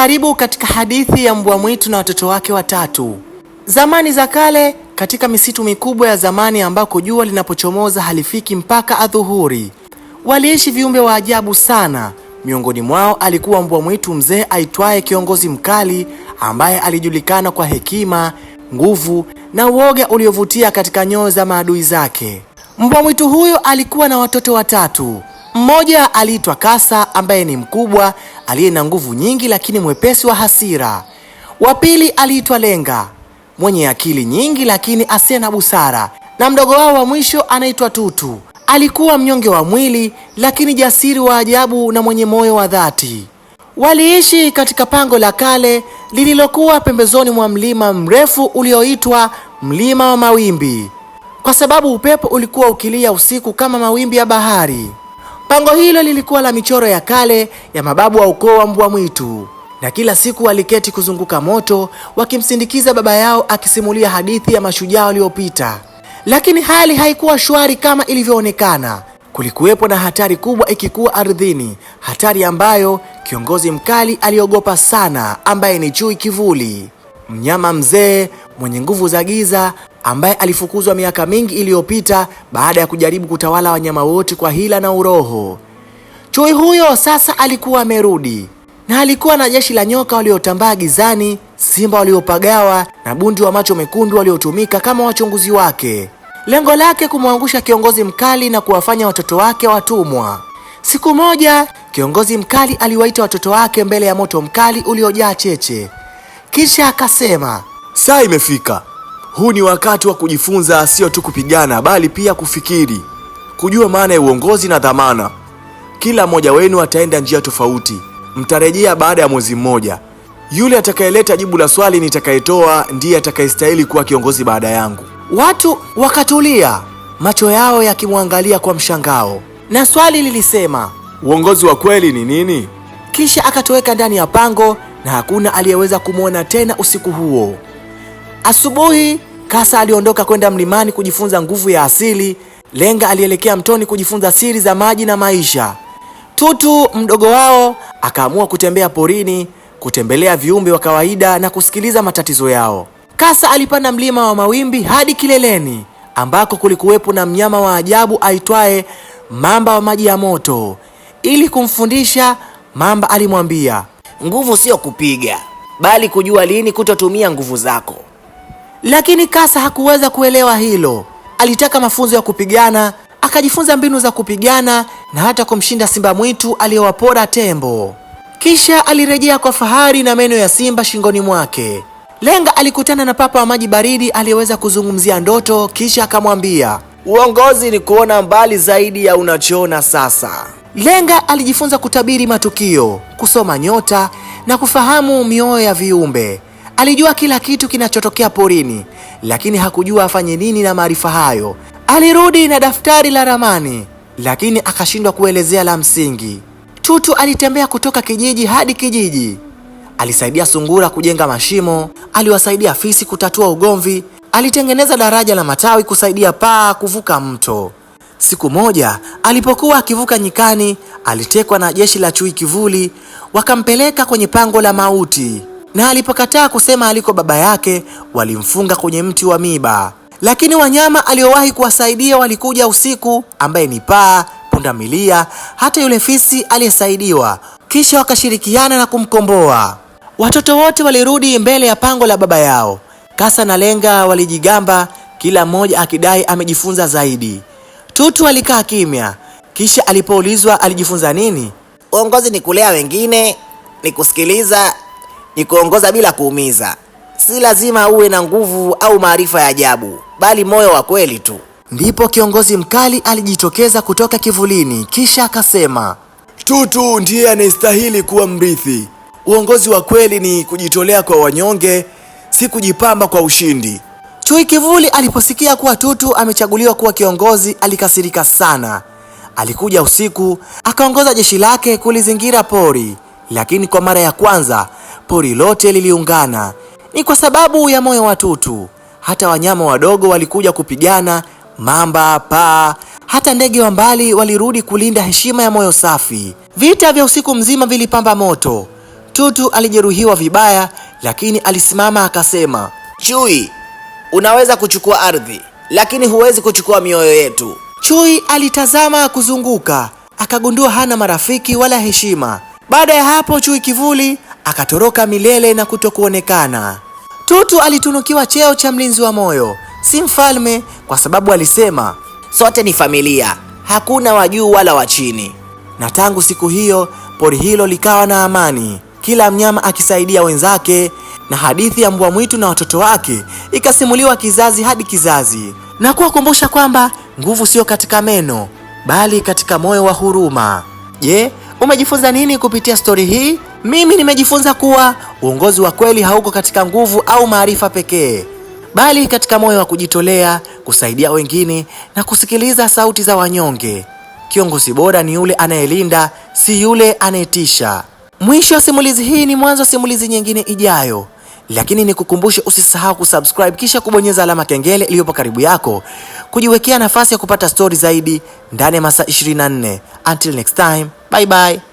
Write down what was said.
Karibu katika hadithi ya mbwa mwitu na watoto wake watatu. Zamani za kale, katika misitu mikubwa ya zamani ambako jua linapochomoza halifiki mpaka adhuhuri, waliishi viumbe wa ajabu sana. Miongoni mwao alikuwa mbwa mwitu mzee aitwaye Kiongozi Mkali, ambaye alijulikana kwa hekima, nguvu na uoga uliovutia katika nyoyo za maadui zake. Mbwa mwitu huyo alikuwa na watoto watatu. Mmoja aliitwa Kasa ambaye ni mkubwa aliye na nguvu nyingi lakini mwepesi wa hasira. Wa pili aliitwa Lenga, mwenye akili nyingi lakini asiye na busara, na mdogo wao wa mwisho anaitwa Tutu. Alikuwa mnyonge wa mwili lakini jasiri wa ajabu na mwenye moyo wa dhati. Waliishi katika pango la kale lililokuwa pembezoni mwa mlima mrefu ulioitwa Mlima wa Mawimbi, kwa sababu upepo ulikuwa ukilia usiku kama mawimbi ya bahari. Pango hilo lilikuwa la michoro ya kale ya mababu wa ukoo wa mbwa mwitu, na kila siku waliketi kuzunguka moto wakimsindikiza baba yao akisimulia hadithi ya mashujaa waliopita. Lakini hali haikuwa shwari kama ilivyoonekana. Kulikuwepo na hatari kubwa ikikuwa ardhini, hatari ambayo kiongozi mkali aliogopa sana, ambaye ni chui kivuli mnyama mzee mwenye nguvu za giza ambaye alifukuzwa miaka mingi iliyopita baada ya kujaribu kutawala wanyama wote kwa hila na uroho. Chui huyo sasa alikuwa amerudi na alikuwa na jeshi la nyoka waliotambaa gizani, simba waliopagawa na bundi wa macho mekundu waliotumika kama wachunguzi wake. Lengo lake kumwangusha kiongozi mkali na kuwafanya watoto wake watumwa. Siku moja, kiongozi mkali aliwaita watoto wake mbele ya moto mkali uliojaa cheche. Kisha akasema, saa imefika. Huu ni wakati wa kujifunza, sio tu kupigana, bali pia kufikiri, kujua maana ya uongozi na dhamana. Kila mmoja wenu ataenda njia tofauti. Mtarejea baada ya mwezi mmoja. Yule atakayeleta jibu la swali nitakayetoa ndiye atakayestahili kuwa kiongozi baada yangu. Watu wakatulia, macho yao yakimwangalia kwa mshangao, na swali lilisema, uongozi wa kweli ni nini? Kisha akatoweka ndani ya pango na hakuna aliyeweza kumwona tena usiku huo. Asubuhi Kasa aliondoka kwenda mlimani kujifunza nguvu ya asili. Lenga alielekea mtoni kujifunza siri za maji na maisha. Tutu mdogo wao akaamua kutembea porini, kutembelea viumbe wa kawaida na kusikiliza matatizo yao. Kasa alipanda mlima wa mawimbi hadi kileleni ambako kulikuwepo na mnyama wa ajabu aitwaye mamba wa maji ya moto. Ili kumfundisha, mamba alimwambia, Nguvu sio kupiga, bali kujua lini kutotumia nguvu zako. Lakini Kasa hakuweza kuelewa hilo. Alitaka mafunzo ya kupigana, akajifunza mbinu za kupigana na hata kumshinda simba mwitu aliyewapora tembo. Kisha alirejea kwa fahari na meno ya simba shingoni mwake. Lenga alikutana na papa wa maji baridi aliyeweza kuzungumzia ndoto, kisha akamwambia, uongozi ni kuona mbali zaidi ya unachoona sasa. Lenga alijifunza kutabiri matukio, kusoma nyota na kufahamu mioyo ya viumbe. Alijua kila kitu kinachotokea porini, lakini hakujua afanye nini na maarifa hayo. Alirudi na daftari la ramani, lakini akashindwa kuelezea la msingi. Tutu alitembea kutoka kijiji hadi kijiji. Alisaidia sungura kujenga mashimo, aliwasaidia fisi kutatua ugomvi, alitengeneza daraja la matawi kusaidia paa kuvuka mto. Siku moja alipokuwa akivuka nyikani, alitekwa na jeshi la chui kivuli, wakampeleka kwenye pango la mauti, na alipokataa kusema aliko baba yake, walimfunga kwenye mti wa miba. Lakini wanyama aliowahi kuwasaidia walikuja usiku, ambaye ni paa, pundamilia, hata yule fisi aliyesaidiwa, kisha wakashirikiana na kumkomboa. Watoto wote walirudi mbele ya pango la baba yao. Kasa na Lenga walijigamba, kila mmoja akidai amejifunza zaidi. Tutu alikaa kimya, kisha alipoulizwa alijifunza nini, uongozi ni kulea wengine, ni kusikiliza, ni kuongoza bila kuumiza. Si lazima uwe na nguvu au maarifa ya ajabu, bali moyo wa kweli tu. Ndipo kiongozi mkali alijitokeza kutoka kivulini, kisha akasema, Tutu ndiye anayestahili kuwa mrithi. Uongozi wa kweli ni kujitolea kwa wanyonge, si kujipamba kwa ushindi. Chui Kivuli aliposikia kuwa Tutu amechaguliwa kuwa kiongozi alikasirika sana. Alikuja usiku akaongoza jeshi lake kulizingira pori, lakini kwa mara ya kwanza pori lote liliungana. Ni kwa sababu ya moyo wa Tutu. Hata wanyama wadogo walikuja kupigana, mamba, paa, hata ndege wa mbali walirudi kulinda heshima ya moyo safi. Vita vya usiku mzima vilipamba moto. Tutu alijeruhiwa vibaya, lakini alisimama akasema, Chui Unaweza kuchukua ardhi, lakini huwezi kuchukua mioyo yetu. Chui alitazama kuzunguka, akagundua hana marafiki wala heshima. Baada ya hapo, chui kivuli akatoroka milele na kutokuonekana. Tutu alitunukiwa cheo cha mlinzi wa moyo, si mfalme, kwa sababu alisema sote ni familia, hakuna wa juu wala wa chini. Na tangu siku hiyo pori hilo likawa na amani, kila mnyama akisaidia wenzake na hadithi ya mbwa mwitu na watoto wake ikasimuliwa kizazi hadi kizazi, na kuwakumbusha kwamba nguvu sio katika meno, bali katika moyo wa huruma. Je, umejifunza nini kupitia stori hii? Mimi nimejifunza kuwa uongozi wa kweli hauko katika nguvu au maarifa pekee, bali katika moyo wa kujitolea, kusaidia wengine na kusikiliza sauti za wanyonge. Kiongozi bora ni yule anayelinda, si yule anayetisha. Mwisho wa simulizi hii ni mwanzo wa simulizi nyingine ijayo lakini nikukumbushe usisahau kusubscribe kisha kubonyeza alama kengele iliyopo karibu yako kujiwekea nafasi ya kupata stori zaidi ndani ya masaa 24. Until next time, bye bye.